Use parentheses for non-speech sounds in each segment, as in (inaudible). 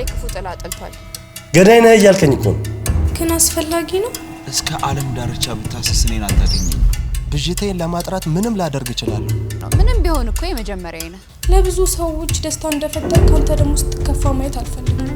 ላይ ክፉ ጥላ ጠልቷል። ገዳይ ነህ እያልከኝ እኮ ግን አስፈላጊ ነው። እስከ ዓለም ዳርቻ ብታስስ እኔን አታገኝም። ብዥታዬን ለማጥራት ምንም ላደርግ እችላለሁ። ምንም ቢሆን እኮ የመጀመሪያ ነህ። ለብዙ ሰዎች ደስታ እንደፈጠር ካንተ ደግሞ ስትከፋ ማየት አልፈልግም።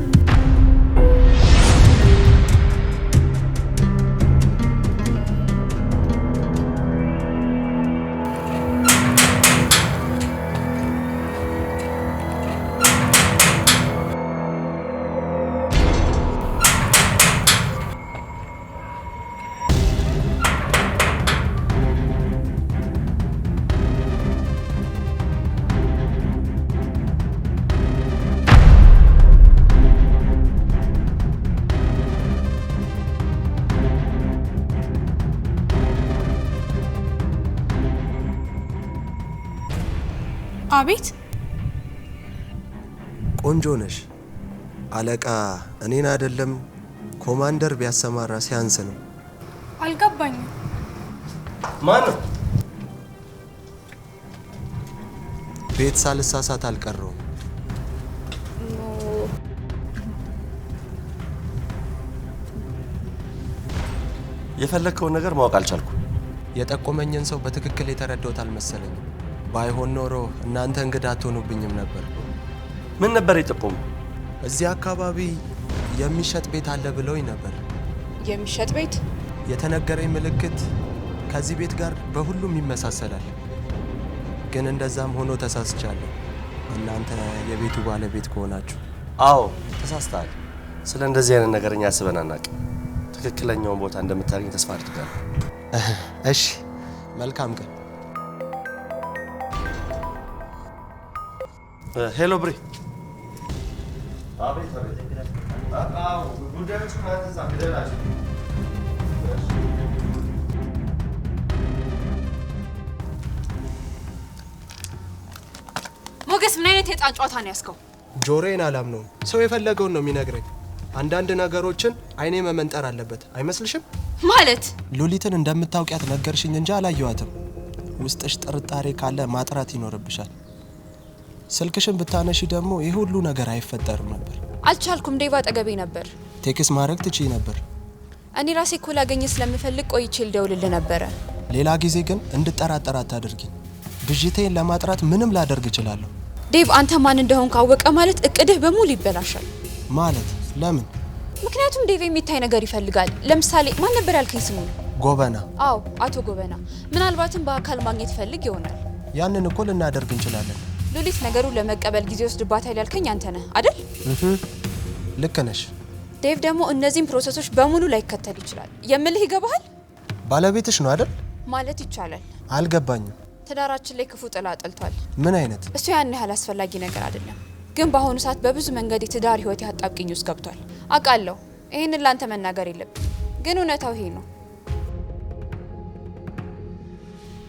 አቤት ቆንጆ ነሽ። አለቃ እኔን አይደለም ኮማንደር ቢያሰማራ ሲያንስ ነው። አልገባኝም። ማን ነው? ቤት ሳልሳሳት አልቀረውም። የፈለግከውን ነገር ማወቅ አልቻልኩም። የጠቆመኝን ሰው በትክክል የተረዳሁት አልመሰለኝም። ባይሆን ኖሮ እናንተ እንግዳ አትሆኑብኝም ነበር። ምን ነበር የጠቆሙ? እዚህ አካባቢ የሚሸጥ ቤት አለ ብለውኝ ነበር። የሚሸጥ ቤት? የተነገረኝ ምልክት ከዚህ ቤት ጋር በሁሉም ይመሳሰላል፣ ግን እንደዛም ሆኖ ተሳስቻለሁ። እናንተ የቤቱ ባለቤት ከሆናችሁ። አዎ ተሳስተሃል። ስለ እንደዚህ አይነት ነገር እኛ አስበን አናውቅም። ትክክለኛውን ቦታ እንደምታገኝ ተስፋ አድርጋለሁ። እሺ፣ መልካም ቀን። ሄሎ uh, ብሬ ሞገስ ምን አይነት የዕጣ ጨዋታ ነው ያዝከው? ጆሮዬን አላምነውም። ሰው የፈለገውን ነው የሚነግረኝ። አንዳንድ ነገሮችን አይኔ መመንጠር አለበት አይመስልሽም? ማለት ሉሊትን እንደምታውቂያት ነገርሽኝ እንጂ አላየዋትም። ውስጥሽ ጥርጣሬ ካለ ማጥራት ይኖርብሻል። ስልክሽን ብታነሺ ደግሞ ይህ ሁሉ ነገር አይፈጠርም ነበር። አልቻልኩም። ዴቭ አጠገቤ ነበር። ቴክስ ማድረግ ትችይ ነበር። እኔ ራሴ እኮ ላገኘ ስለምፈልግ ቆይቼ ልደውልልህ ነበረ። ሌላ ጊዜ ግን እንድጠራጠር አታድርጊኝ። ብዥቴን ለማጥራት ምንም ላደርግ እችላለሁ። ዴቭ አንተ ማን እንደሆን ካወቀ ማለት እቅድህ በሙሉ ይበላሻል። ማለት ለምን? ምክንያቱም ዴቭ የሚታይ ነገር ይፈልጋል። ለምሳሌ ማን ነበር ያልከኝ ስሙ? ጎበና። አዎ አቶ ጎበና። ምናልባትም በአካል ማግኘት ይፈልግ ይሆናል። ያንን እኮ ልናደርግ እንችላለን። ሉሊት ነገሩን ለመቀበል ጊዜ ወስድባታል ያልከኝ አንተ ነህ አይደል? ልክ ነሽ። ዴቭ ደግሞ እነዚህን ፕሮሰሶች በሙሉ ላይከተል ይችላል የምልህ ይገባሃል? ባለቤትሽ ነው አይደል? ማለት ይቻላል። አልገባኝም። ትዳራችን ላይ ክፉ ጥላ ጥሏል። ምን አይነት? እሱ ያን ያህል አስፈላጊ ነገር አይደለም፣ ግን በአሁኑ ሰዓት በብዙ መንገድ የትዳር ህይወት አጣብቂኝ ውስጥ ገብቷል። አውቃለሁ። ይህንን ላንተ መናገር የለብ፣ ግን እውነታው ይሄ ነው።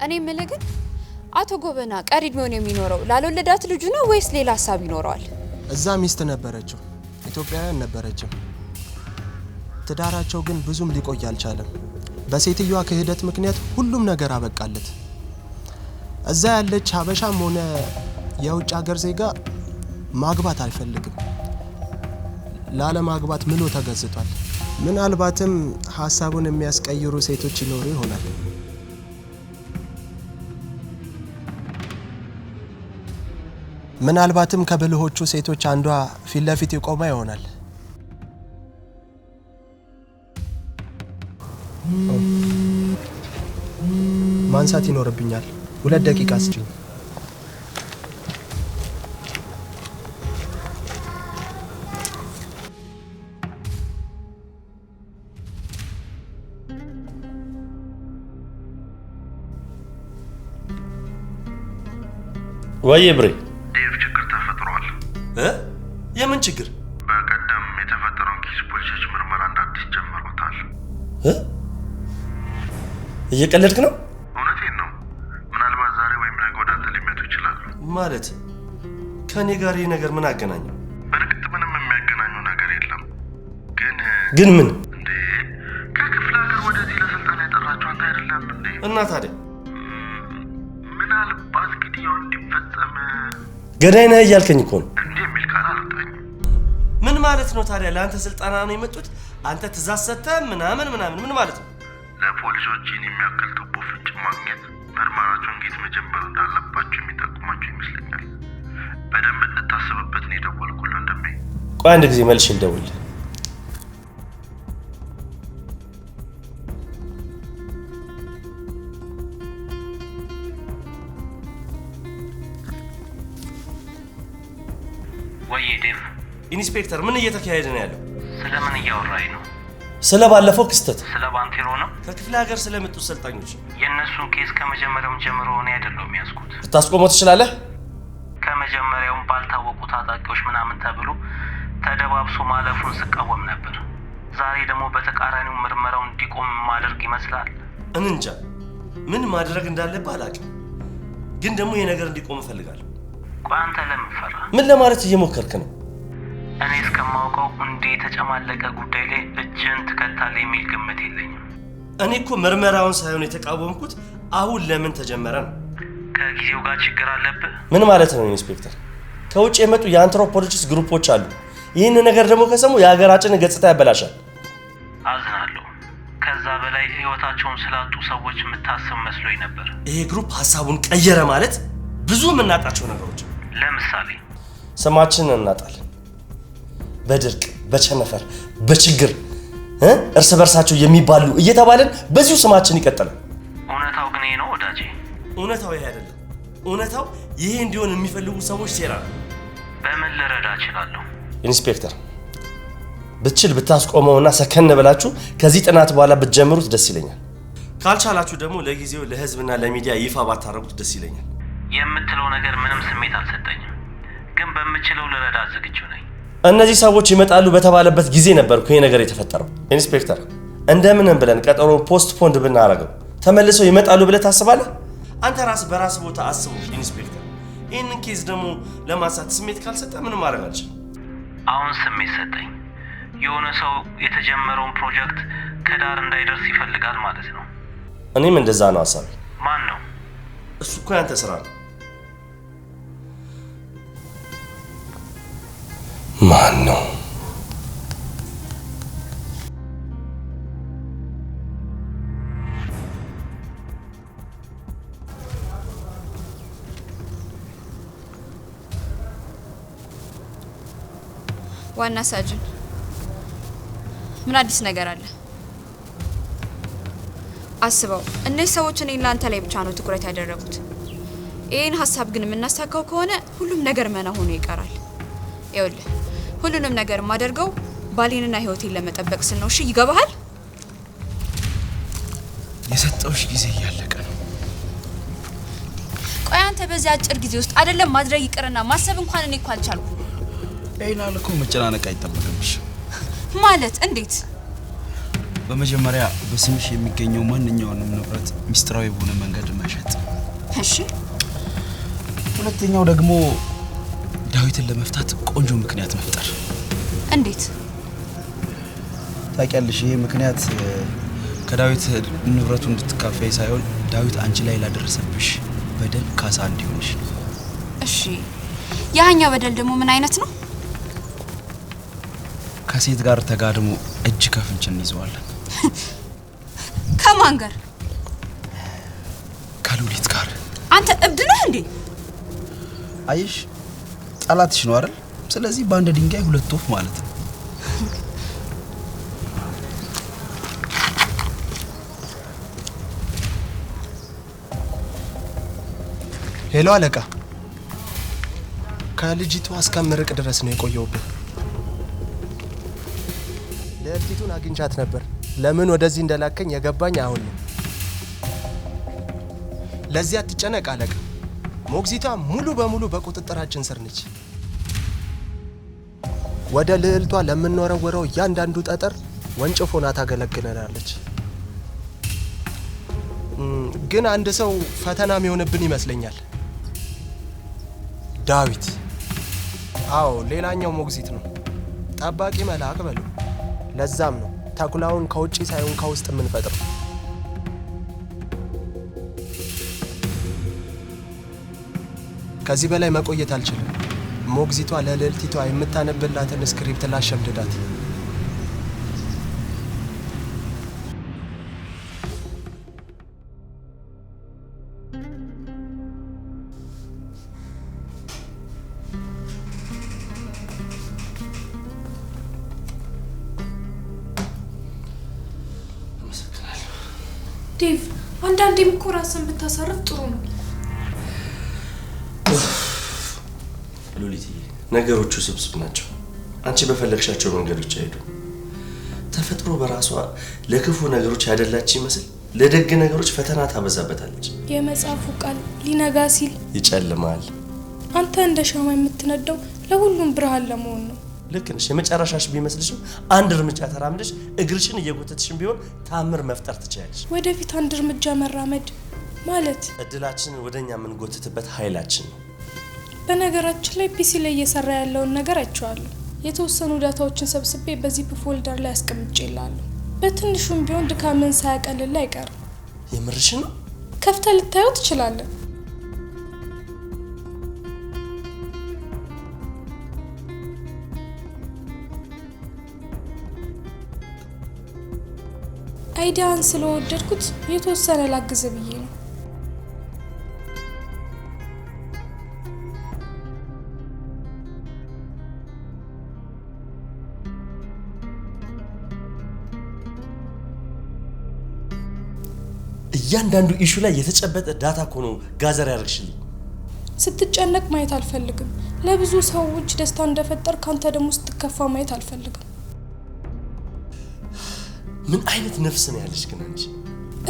እኔ የምልህ ግን አቶ ጎበና ቀሪ እድሜውን የሚኖረው ላልወለዳት ልጁ ነው ወይስ ሌላ ሀሳብ ይኖረዋል? እዛ ሚስት ነበረችው፣ ኢትዮጵያውያን ነበረችም። ትዳራቸው ግን ብዙም ሊቆይ አልቻለም። በሴትዮዋ ክህደት ምክንያት ሁሉም ነገር አበቃለት። እዛ ያለች ሀበሻም ሆነ የውጭ ሀገር ዜጋ ማግባት አይፈልግም። ላለማግባት ምሎ ተገዝቷል። ምናልባትም ሀሳቡን የሚያስቀይሩ ሴቶች ይኖሩ ይሆናል። ምናልባትም ከብልሆቹ ሴቶች አንዷ ፊት ለፊት ይቆማ ይሆናል። ማንሳት ይኖርብኛል። ሁለት ደቂቃ ስጭኝ። ወይ ብሬ የምን ችግር? በቀደም የተፈጠረውን ኬስ ፖሊሶች ምርመራ እንዳዲስ ጀምሮታል። እየቀለድክ ነው? እውነቴን ነው። ምናልባት ዛሬ ወይም ነገ ወደ አንተ ሊመጡ ይችላሉ። ማለት ከእኔ ጋር ይህ ነገር ምን አገናኘው? በእርግጥ ምንም የሚያገናኘው ነገር የለም። ግን ግን ምን ከክፍለ ወደዚህ ለስልጠና እና ታዲያ ምናልባት ግድያው እንዲፈጸም ገዳይ ነህ እያልከኝ እኮ ነው ነው ታዲያ ለአንተ ስልጠና ነው የመጡት? አንተ ትእዛዝ ሰጥተህ ምናምን ምናምን ምን ማለት ነው? ለፖሊሶችን የሚያክል ቱቦ ፍንጭ ማግኘት ምርመራቸውን እንዴት መጀመር እንዳለባቸው የሚጠቁማቸው ይመስለኛል። በደንብ እንድታስብበት ነው የደወልኩልህ። አንድ ጊዜ መልሽ ልደውልህ ኢንስፔክተር ምን እየተካሄደ ነው ያለው? ስለምን እያወራኝ ነው? ስለ ባለፈው ክስተት፣ ስለ ባንቴሮ ነው? ከክፍለ ሀገር ስለመጡ ሰልጣኞች። የእነሱን ኬስ ከመጀመሪያውም ጀምሮ እኔ አይደለሁም ያዝኩት። ልታስቆመው ትችላለህ? ከመጀመሪያውም ባልታወቁ ታጣቂዎች ምናምን ተብሎ ተደባብሶ ማለፉን ስቃወም ነበር። ዛሬ ደግሞ በተቃራኒው ምርመራው እንዲቆም ማድረግ ይመስላል። እንንጃ ምን ማድረግ እንዳለብህ አላውቅም፣ ግን ደግሞ ይህ ነገር እንዲቆም እፈልጋለሁ። ቆይ አንተ ለምን ፈራህ? ምን ለማለት እየሞከርክ ነው? እኔ እስከማውቀው እንዲህ የተጨማለቀ ጉዳይ ላይ እጅን ትከታለህ የሚል ግምት የለኝም። እኔ እኮ ምርመራውን ሳይሆን የተቃወምኩት አሁን ለምን ተጀመረ ነው። ከጊዜው ጋር ችግር አለብህ። ምን ማለት ነው ኢንስፔክተር? ከውጭ የመጡ የአንትሮፖሎጂስት ግሩፖች አሉ። ይህን ነገር ደግሞ ከሰሙ የሀገራችንን ገጽታ ያበላሻል። አዝናለሁ። ከዛ በላይ ህይወታቸውን ስላጡ ሰዎች የምታስብ መስሎኝ ነበር። ይሄ ግሩፕ ሀሳቡን ቀየረ ማለት ብዙ የምናጣቸው ነገሮች፣ ለምሳሌ ስማችንን እናጣለን። በድርቅ በቸነፈር በችግር እርስ በርሳቸው የሚባሉ እየተባለን በዚሁ ስማችን ይቀጥላል። እውነታው ግን ይሄ ነው ወዳጄ። እውነታው ይሄ አይደለም። እውነታው ይሄ እንዲሆን የሚፈልጉ ሰዎች ሴራ ነው። በምን ልረዳ እችላለሁ? ኢንስፔክተር ብችል ብታስቆመውና ሰከን ብላችሁ ከዚህ ጥናት በኋላ ብትጀምሩት ደስ ይለኛል። ካልቻላችሁ ደግሞ ለጊዜው ለህዝብና ለሚዲያ ይፋ ባታረጉት ደስ ይለኛል። የምትለው ነገር ምንም ስሜት አልሰጠኝም፣ ግን በምችለው ልረዳ ዝግጁ ነኝ። እነዚህ ሰዎች ይመጣሉ በተባለበት ጊዜ ነበርኩ ይሄ ነገር የተፈጠረው። ኢንስፔክተር እንደምንም ብለን ቀጠሮ ፖስት ፖንድ ብናረገው ተመልሰው ይመጣሉ ብለህ ታስባለህ? አንተ ራስ በራስ ቦታ አስቡ ኢንስፔክተር። ይህንን ኬዝ ደግሞ ለማንሳት ስሜት ካልሰጠ ምንም ማድረግ አልችልም። አሁን ስሜት ሰጠኝ። የሆነ ሰው የተጀመረውን ፕሮጀክት ከዳር እንዳይደርስ ይፈልጋል ማለት ነው። እኔም እንደዛ ነው ሀሳቤ። ማን ነው እሱ? እኮ ያንተ ስራ ነው። ማን ነው? ዋና ሳጅን፣ ምን አዲስ ነገር አለ? አስበው፣ እነዚህ ሰዎች እኔ ለአንተ ላይ ብቻ ነው ትኩረት ያደረጉት። ይህን ሀሳብ ግን የምናሳካው ከሆነ ሁሉም ነገር መና ሆኖ ይቀራል። ይኸውልህ ሁሉንም ነገር የማደርገው ባሌንና ህይወቴን ለመጠበቅ ስል ነው። እሺ ይገባሃል? የሰጠውሽ ጊዜ እያለቀ ነው። ቆይ አንተ በዚህ አጭር ጊዜ ውስጥ አይደለም ማድረግ ይቅርና ማሰብ እንኳን እኔ እኮ አልቻልኩ። ይህን እኮ መጨናነቅ አይጠበቅብሽ። ማለት እንዴት? በመጀመሪያ በስምሽ የሚገኘው ማንኛውንም ንብረት ሚስጥራዊ በሆነ መንገድ መሸጥ። እሺ። ሁለተኛው ደግሞ ዳዊትን ለመፍታት ቆንጆ ምክንያት ነው። ታውቂያለሽ፣ ይሄ ምክንያት ከዳዊት ንብረቱ እንድትካፈይ ሳይሆን ዳዊት አንቺ ላይ ላደረሰብሽ በደል ካሳ እንዲሆንሽ። እሺ፣ ያኛው በደል ደግሞ ምን አይነት ነው? ከሴት ጋር ተጋድሞ እጅ ከፍንጭ እንይዘዋለን። (laughs) ከማን ጋር? ከሉሊት ጋር። አንተ እብድ ነህ እንዴ? አይሽ፣ ጠላትሽ ነው አይደል? ስለዚህ በአንድ ድንጋይ ሁለት ወፍ ማለት ነው። ሄሎ አለቃ፣ ከልጅቷ እስከምርቅ ድረስ ነው የቆየውብን። ድርጅቱን አግኝቻት ነበር። ለምን ወደዚህ እንደላከኝ የገባኝ አሁን ነው። ለዚህ አትጨነቅ አለቃ። ሞግዚቷ ሙሉ በሙሉ በቁጥጥራችን ስር ነች። ወደ ልዕልቷ ለምንወረወረው እያንዳንዱ ጠጠር ወንጭፍ ሆና ታገለግለናለች። ግን አንድ ሰው ፈተና የሚሆንብን ይመስለኛል። ዳዊት። አዎ ሌላኛው ሞግዚት ነው። ጠባቂ መልአክ በሉ። ለዛም ነው ተኩላውን ከውጭ ሳይሆን ከውስጥ የምንፈጥረው። ከዚህ በላይ መቆየት አልችልም። ሞግዚቷ ለልዕልቲቷ የምታነብላትን ስክሪፕት ላሸምድዳት። ዴቭ፣ አንዳንዴም እኮ ራስን ብታሳርፍ ጥሩ ነው። ሉሊትዬ፣ ነገሮቹ ስብስብ ናቸው። አንቺ በፈለግሻቸው መንገዶች አይሄዱ። ተፈጥሮ በራሷ ለክፉ ነገሮች ያደላች ይመስል ለደግ ነገሮች ፈተና ታበዛበታለች። የመጽሐፉ ቃል ሊነጋ ሲል ይጨልማል። አንተ እንደ ሻማ የምትነደው ለሁሉም ብርሃን ለመሆን ነው። ልክ ነሽ። የመጨረሻሽ ቢመስልሽም አንድ እርምጃ ተራምደሽ እግርሽን እየጎተትሽም ቢሆን ታምር መፍጠር ትችላለሽ። ወደፊት አንድ እርምጃ መራመድ ማለት እድላችንን ወደኛ የምንጎትትበት ኃይላችን ነው። በነገራችን ላይ ፒሲ ላይ እየሰራ ያለውን ነገር አይቼዋለሁ። የተወሰኑ ዳታዎችን ሰብስቤ በዚህ ፎልደር ላይ አስቀምጬ ይላሉ። በትንሹም ቢሆን ድካምን ሳያቀልል አይቀርም። የምርሽ ነው። ከፍተ ልታየው ትችላለን። አይዲያን ስለወደድኩት የተወሰነ ላግዘ ብዬ ነው። እያንዳንዱ ኢሹ ላይ የተጨበጠ ዳታ ኮኖ ጋዘር ያደርግሽልኝ። ስትጨነቅ ማየት አልፈልግም። ለብዙ ሰዎች ደስታ እንደፈጠር ካንተ ደግሞ ስትከፋ ማየት አልፈልግም። ምን አይነት ነፍስ ነው ያለሽ ግን አንቺ?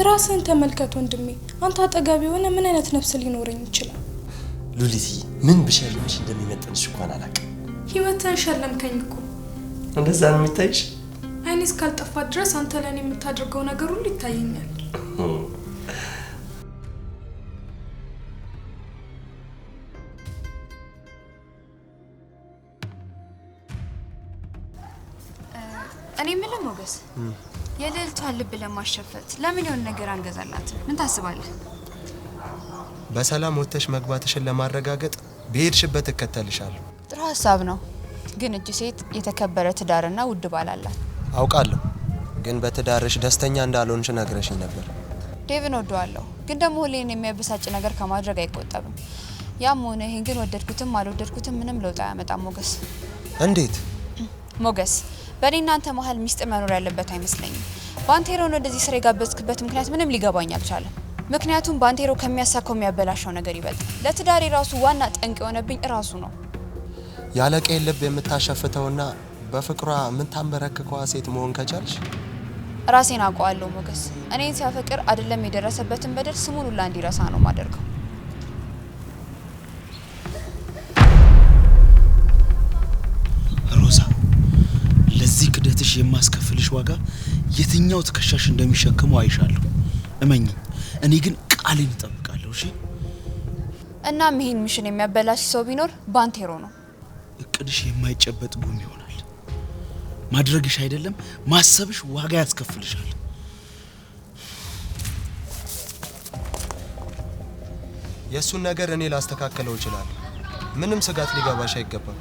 ራስህን ተመልከት ወንድሜ። አንተ አጠገብ የሆነ ምን አይነት ነፍስ ሊኖረኝ ይችላል? ሉሊትዬ፣ ምን ብሸልምሽ እንደሚመጥንሽ እንኳን አላውቅም። ህይወትህን ሸለምከኝ እኮ። እንደዛ ነው የሚታይሽ? አይኔ እስካልጠፋ ድረስ አንተ ለእኔ የምታደርገው ነገር ሁሉ ይታየኛል። እኔ የምልህ ሞገስ የልዕልቷን ልብ ለማሸፈት ለምን የሆን ነገር አንገዛላት? ምን ታስባለህ? በሰላም ወጥተሽ መግባትሽን ለማረጋገጥ በሄድሽበት እከተልሻለሁ። ጥሩ ሀሳብ ነው፣ ግን እጅ ሴት የተከበረ ትዳርና ውድ ባል አላት። አውቃለሁ፣ ግን በትዳርሽ ደስተኛ እንዳልሆንሽ ነግረሽኝ ነበር። ዴቭን ወደዋለሁ፣ ግን ደግሞ ሁሌን የሚያበሳጭ ነገር ከማድረግ አይቆጠብም። ያም ሆነ ይህን ግን ወደድኩትም አልወደድኩትም ምንም ለውጥ አያመጣም። ሞገስ እንዴት ሞገስ በእኔ እናንተ መሀል ሚስጥር መኖር ያለበት አይመስለኝም። ባንቴሮን ወደዚህ ስራ የጋበዝክበት ምክንያት ምንም ሊገባኝ አልቻለም። ምክንያቱም ባንቴሮ ከሚያሳካው የሚያበላሸው ነገር ይበልጥ ለትዳሬ ራሱ ዋና ጠንቅ የሆነብኝ ራሱ ነው። ያለቀይ ልብ የምታሸፍተውና በፍቅሯ የምታንበረክከዋ ሴት መሆን ከቻልሽ ራሴን አውቀዋለሁ ሞገስ። እኔን ሲያፈቅር አይደለም የደረሰበትን በደል ስሙን ሁላ እንዲረሳ ነው ማደርገው። የትኛው ትከሻሽ እንደሚሸክመው አይሻለሁ። እመኝ። እኔ ግን ቃሌን እጠብቃለሁ። እሺ። እናም ይሄን ሚሽን የሚያበላሽ ሰው ቢኖር ባንቴሮ ነው። እቅድሽ የማይጨበጥ ጉም ይሆናል። ማድረግሽ አይደለም ማሰብሽ ዋጋ ያስከፍልሻል። የእሱን ነገር እኔ ላስተካከለው እችላለሁ። ምንም ስጋት ሊገባሽ አይገባም።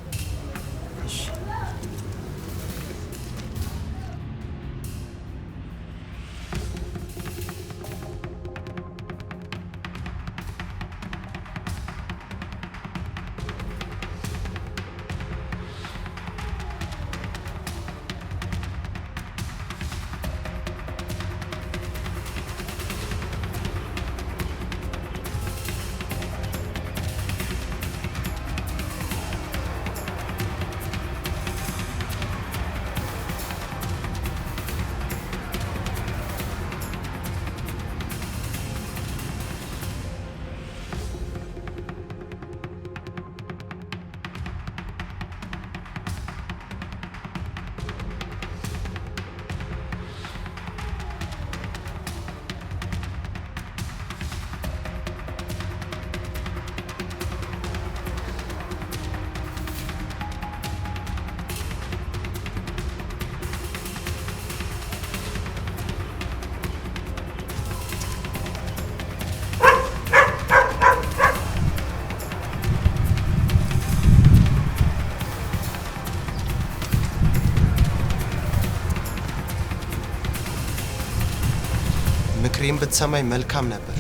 ምክሬን ብትሰማኝ መልካም ነበር።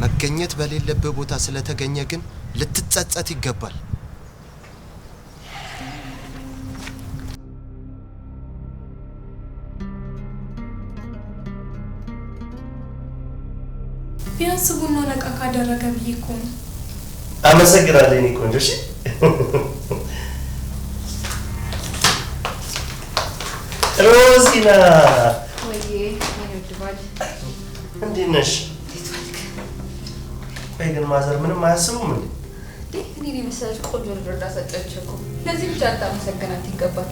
መገኘት በሌለብህ ቦታ ስለተገኘ ግን ልትጸጸት ይገባል። ቢያንስ ቡና ነቃ ካደረገ ብዬ እኮ ነው። አመሰግናለሁ የእኔ ቆንጆ። እሺ ሮዚና እንዴት ነሽ? ቆይ ግን ማዘር ምንም አያስቡም እንዴ? እኔ የመሰለች ቆንጆ ልጅ ወልዳ ሰጠችኝ እኮ። ለዚህ ብቻ ልታመሰግናት ይገባል።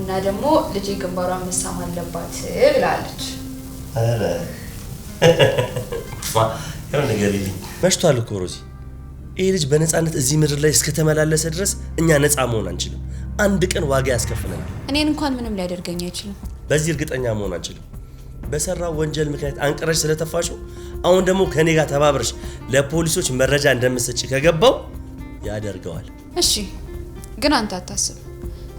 እና ደግሞ ልጄ ግንባሯን መሳም አለባት ብላለች። ያው ነገር ይልኝ መሽቷል እኮ ሮዚ። ይህ ልጅ በነፃነት እዚህ ምድር ላይ እስከተመላለሰ ድረስ እኛ ነፃ መሆን አንችልም። አንድ ቀን ዋጋ ያስከፍለናል። እኔን እንኳን ምንም ሊያደርገኝ አይችልም። በዚህ እርግጠኛ መሆን አንችልም። በሰራው ወንጀል ምክንያት አንቅረሽ ስለተፋሹ አሁን ደግሞ ከኔ ጋር ተባብረሽ ለፖሊሶች መረጃ እንደምትሰጪ ከገባው ያደርገዋል። እሺ፣ ግን አንተ አታስብ፣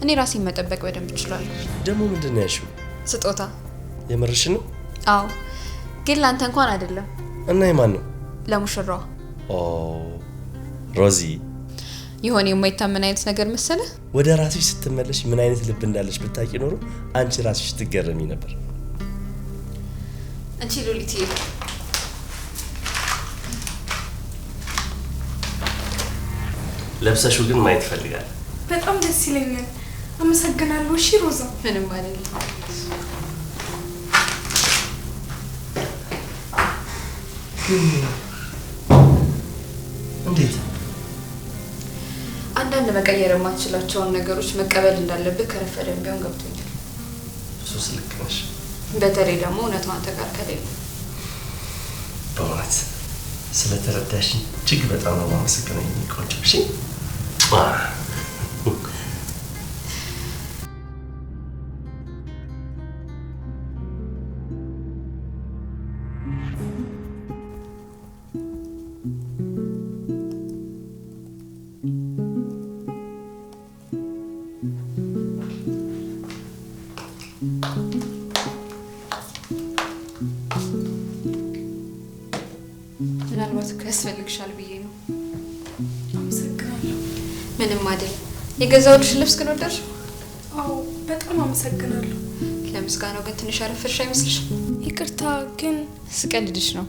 እኔ ራሴን መጠበቅ በደንብ እችላለሁ። ደግሞ ምንድን ነው ያልሽው? ስጦታ። የምርሽ ነው? አዎ፣ ግን ለአንተ እንኳን አይደለም። እና የማን ነው? ለሙሽራዋ። ሮዚ የሆነ የማይታመን አይነት ነገር መሰለ። ወደ ራስሽ ስትመለሽ ምን አይነት ልብ እንዳለሽ ብታቂ ኖሮ አንቺ ራስሽ ትገረሚ ነበር። አንቺ ሉሊት ለብሰሹ ግን ማየት ይፈልጋል። በጣም ደስ ይለኛል። አመሰግናለሁ። እሺ ሮዛ፣ ምንም አይደለም። እንዴት አንዳንድ መቀየር የማትችላቸውን ነገሮች መቀበል እንዳለብህ ከረፈደም ቢሆን ገብቶኛል። ሱስ ልክ ነሽ። በተለይ ደግሞ እውነቷን አንተ ጋር ከሌለ በእውነት ስለተረዳሽኝ እጅግ በጣም ነው ማመሰግነኝ ቆንጆ። የገዛሁልሽ ልብስ ግን ወደድሽ? አዎ በጣም አመሰግናለሁ። ለምስጋናው ግን ትንሽ አረፈሽ አይመስልሽ? ይቅርታ ግን ስቀልድሽ ነው።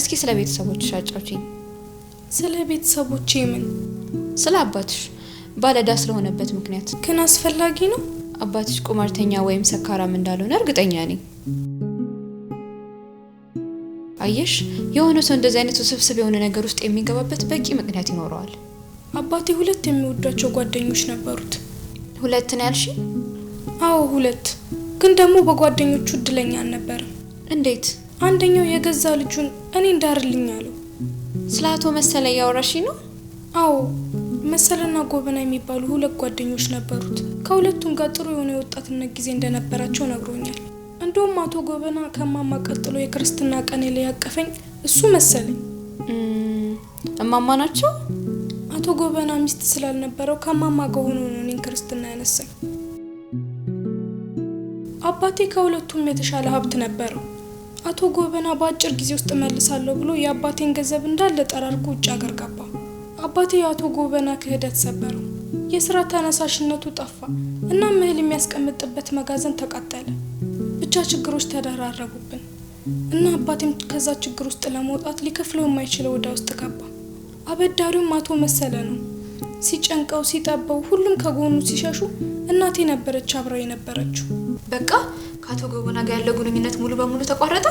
እስኪ ስለ ቤተሰቦችሽ አጫውቺኝ። ስለ ቤተሰቦቼ ምን? ስለ አባትሽ ባለዕዳ ስለሆነበት ምክንያት ግን አስፈላጊ ነው? አባትሽ ቁማርተኛ ወይም ሰካራም እንዳልሆነ እርግጠኛ ነኝ። አየሽ፣ የሆነ ሰው እንደዚህ አይነት ውስብስብ የሆነ ነገር ውስጥ የሚገባበት በቂ ምክንያት ይኖረዋል። አባቴ ሁለት የሚወዷቸው ጓደኞች ነበሩት። ሁለት ነው ያልሽ? አዎ ሁለት። ግን ደግሞ በጓደኞቹ እድለኛ አልነበርም። እንዴት? አንደኛው የገዛ ልጁን እኔ እንዳርልኝ አለው። ስለ አቶ መሰለ እያወራሽ ነው? አዎ መሰለና ጎበና የሚባሉ ሁለት ጓደኞች ነበሩት። ከሁለቱም ጋር ጥሩ የሆነ የወጣትነት ጊዜ እንደነበራቸው ነግሮኛል። እንዲሁም አቶ ጎበና ከማማ ቀጥሎ የክርስትና ቀኔ ላይ ያቀፈኝ እሱ መሰለኝ። እማማ ናቸው አቶ ጎበና ሚስት ስላልነበረው ከማማ ጋር ሆኖ ነው እኔን ክርስትና ያነሳኝ። አባቴ ከሁለቱም የተሻለ ሀብት ነበረው። አቶ ጎበና በአጭር ጊዜ ውስጥ መልሳለሁ ብሎ የአባቴን ገንዘብ እንዳለ ጠራርጎ ውጭ አገር ገባ። አባቴ የአቶ ጎበና ክህደት ሰበረው። የስራ ተነሳሽነቱ ጠፋ እና እህል የሚያስቀምጥበት መጋዘን ተቃጠለ። ብቻ ችግሮች ተደራረቡብን እና አባቴም ከዛ ችግር ውስጥ ለመውጣት ሊከፍለው የማይችለው ዕዳ ውስጥ ገባ። አበዳሪውም አቶ መሰለ ነው። ሲጨንቀው ሲጠበው ሁሉም ከጎኑ ሲሸሹ እናቴ ነበረች አብራ የነበረችው። በቃ ከአቶ ገቦና ጋር ያለው ግንኙነት ሙሉ በሙሉ ተቋረጠ።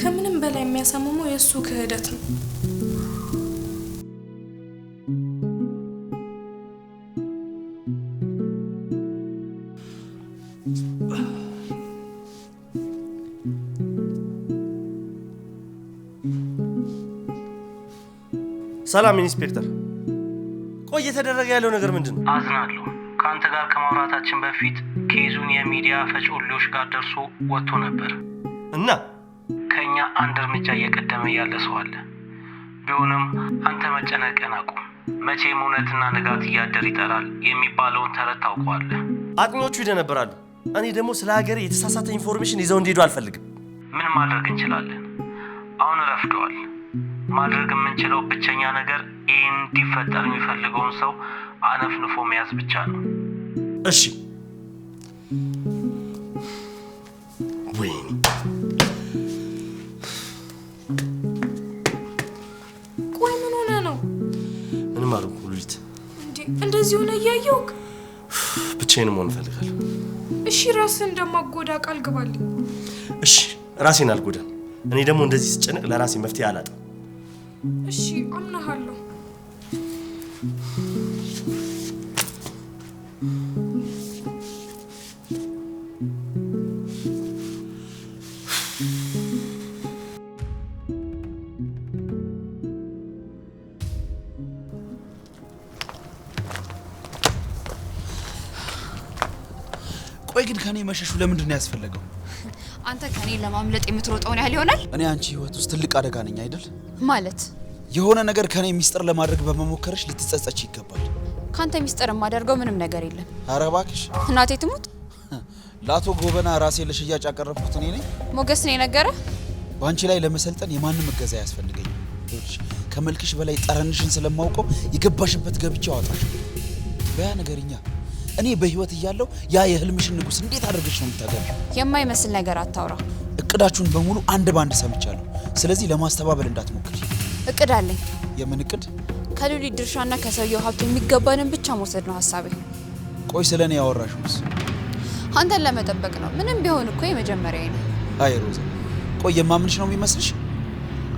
ከምንም በላይ የሚያሳምመው የእሱ ክህደት ነው። ሰላም ኢንስፔክተር። ቆይ እየተደረገ ያለው ነገር ምንድን ነው? አዝናለሁ። ከአንተ ጋር ከማውራታችን በፊት ኬዙን የሚዲያ ፈጮሌዎች ጋር ደርሶ ወጥቶ ነበር እና ከእኛ አንድ እርምጃ እየቀደመ ያለ ሰው አለ። ቢሆንም አንተ መጨነቅን አቁም። መቼም እውነትና ንጋት እያደር ይጠራል የሚባለውን ተረት ታውቀዋለህ። አጥኚዎቹ ይደነብራሉ። እኔ ደግሞ ስለ ሀገር የተሳሳተ ኢንፎርሜሽን ይዘው እንዲሄዱ አልፈልግም። ምን ማድረግ እንችላለን? አሁን ረፍደዋል። ማድረግ የምንችለው ብቸኛ ነገር ይህ እንዲፈጠር የሚፈልገውን ሰው አነፍንፎ መያዝ ብቻ ነው። እሺ ቆይ ምን ሆነ ነው? ምንም አልኩ ሉሊት። እንደዚህ ሆነ እያየውክ ብቻዬን መሆን እፈልጋለሁ። እሺ ራስህን እንደማጎዳ ቃል ግባልኝ። እሺ ራሴን አልጎዳም። እኔ ደግሞ እንደዚህ ስጨነቅ ለራሴ መፍትሄ አላጣም። እሺ አምናሃለሁ። ቆይ ግን ከኔ መሸሹ ለምንድን ነው ያስፈለገው? አንተ ከኔ ለማምለጥ የምትሮጠውን ያህል ይሆናል። እኔ አንቺ ህይወት ውስጥ ትልቅ አደጋ ነኝ አይደል? ማለት የሆነ ነገር ከኔ ሚስጥር ለማድረግ በመሞከርሽ ልትጸጸች ይገባል። ካንተ ሚስጥር የማደርገው ምንም ነገር የለም። ኧረ እባክሽ እናቴ ትሙት። ለአቶ ጎበና ራሴ ለሽያጭ ያቀረብኩት እኔ ነኝ። ሞገስ ነው የነገረ። በአንቺ ላይ ለመሰልጠን የማንም እገዛ ያስፈልገኝ። ከመልክሽ በላይ ጠረንሽን ስለማውቀው የገባሽበት ገብቼ አወጣሽ። በያ ነገርኛ እኔ በህይወት እያለሁ ያ የህልምሽን ንጉስ እንዴት አድርገሽ ነው የምታገቢ? የማይመስል ነገር አታውራ። እቅዳችሁን በሙሉ አንድ በአንድ ሰምቻለሁ። ስለዚህ ለማስተባበል እንዳትሞክሪ። እቅድ አለኝ። የምን እቅድ? ከሉሊ ድርሻና ከሰውየው ሀብት የሚገባንን ብቻ መውሰድ ነው ሀሳቤ። ቆይ ስለ እኔ ያወራሽውስ? አንተን ለመጠበቅ ነው። ምንም ቢሆን እኮ የመጀመሪያ ነው። አይ ሮዛ፣ ቆይ የማምንሽ ነው የሚመስልሽ?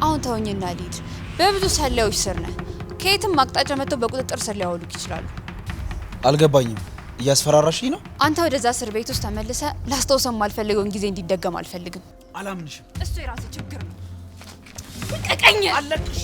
አሁን ተውኝና ሊድ በብዙ ሰላዮች ስር ነህ። ከየትም አቅጣጫ መጥተው በቁጥጥር ስር ሊያወሉክ ይችላሉ። አልገባኝም። እያስፈራራሽኝ ነው። አንተ ወደዛ እስር ቤት ውስጥ ተመልሰ ላስታውሰ የማልፈልገውን ጊዜ እንዲደገም አልፈልግም። አላምንሽም። እሱ የራስህ ችግር ነው። ቀቀኝ አለቅሽ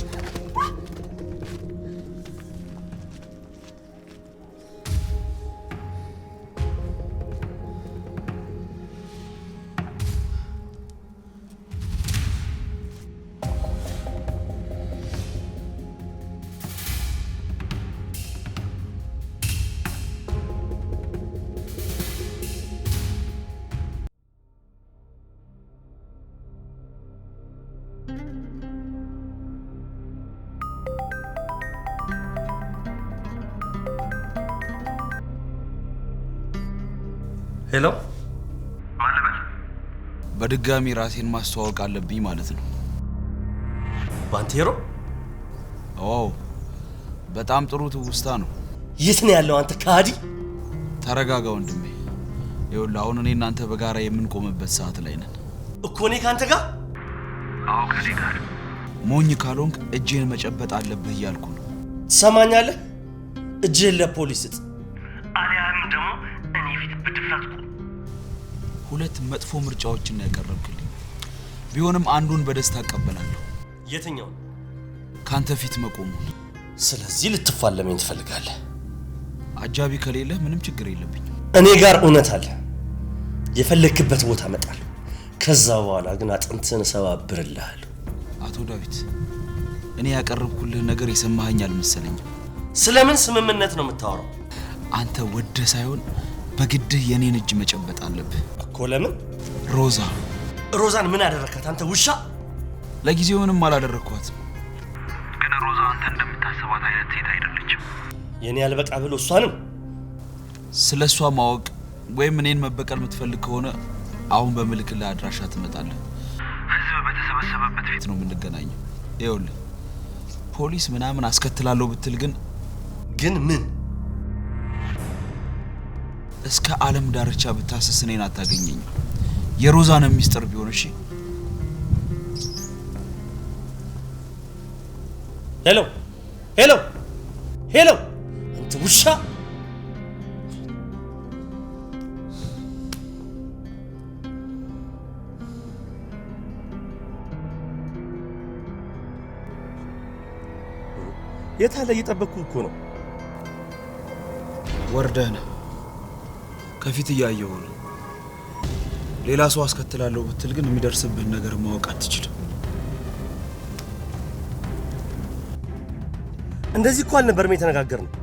በድጋሚ ራሴን ማስተዋወቅ አለብኝ ማለት ነው። ባንቴሮ? ኦ በጣም ጥሩ ትውስታ ነው። የት ነው ያለው አንተ ከሃዲ? ተረጋጋ ወንድሜ። ይኸውልህ አሁን እኔ እናንተ በጋራ የምንቆምበት ሰዓት ላይ ነን እኮ። እኔ ከአንተ ጋር? አዎ፣ ከኔ ጋር። ሞኝ ካልሆንክ እጄን መጨበጥ አለብህ እያልኩ ነው። ትሰማኛለህ? እጅህን ለፖሊስ ስጥ፣ አሊያም ደግሞ እኔ ፊት ብድፍረት ሁለት መጥፎ ምርጫዎችን ነው ያቀረብክልኝ። ቢሆንም አንዱን በደስታ አቀበላለሁ። የትኛው? ካንተ ፊት መቆሙን። ስለዚህ ልትፋለመኝ ትፈልጋለህ? አጃቢ ከሌለ ምንም ችግር የለብኝም። እኔ ጋር እውነት አለ። የፈለግክበት ቦታ እመጣለሁ። ከዛ በኋላ ግን አጥንትን እሰባብርልሃለሁ። አቶ ዳዊት፣ እኔ ያቀረብኩልህ ነገር የሰማኸኝ አልመሰለኝም። ስለምን ስምምነት ነው የምታወራው? አንተ ወደ ሳይሆን በግድህ የኔን እጅ መጨበጥ አለብህ። ለምን ሮዛ ሮዛን ምን አደረካት አንተ ውሻ? ለጊዜው ምንም አላደረግኳት፣ ግን ሮዛ አንተ እንደምታስባት አይነት ሴት አይደለችም። የኔ ያልበቃ ብሎ እሷንም ስለ እሷ ማወቅ ወይም እኔን መበቀል የምትፈልግ ከሆነ አሁን በምልክላ አድራሻ ትመጣለህ። ህዝብ በተሰበሰበበት ፊት ነው የምንገናኘው። ይኸውልህ ፖሊስ ምናምን አስከትላለሁ ብትል ግን ግን ምን እስከ ዓለም ዳርቻ ብታስስ እኔን አታገኘኝ። የሮዛን ሚስጥር ቢሆን እሺ። ሄሎ ሄሎ ሄሎ! አንተ ውሻ! የት አለ? እየጠበቅኩ እኮ ነው። ወርደህ ነው ከፊት እያየው ነው። ሌላ ሰው አስከትላለሁ ብትል ግን የሚደርስብህን ነገር ማወቅ አትችልም። እንደዚህ እኮ አልነበርም የተነጋገርነው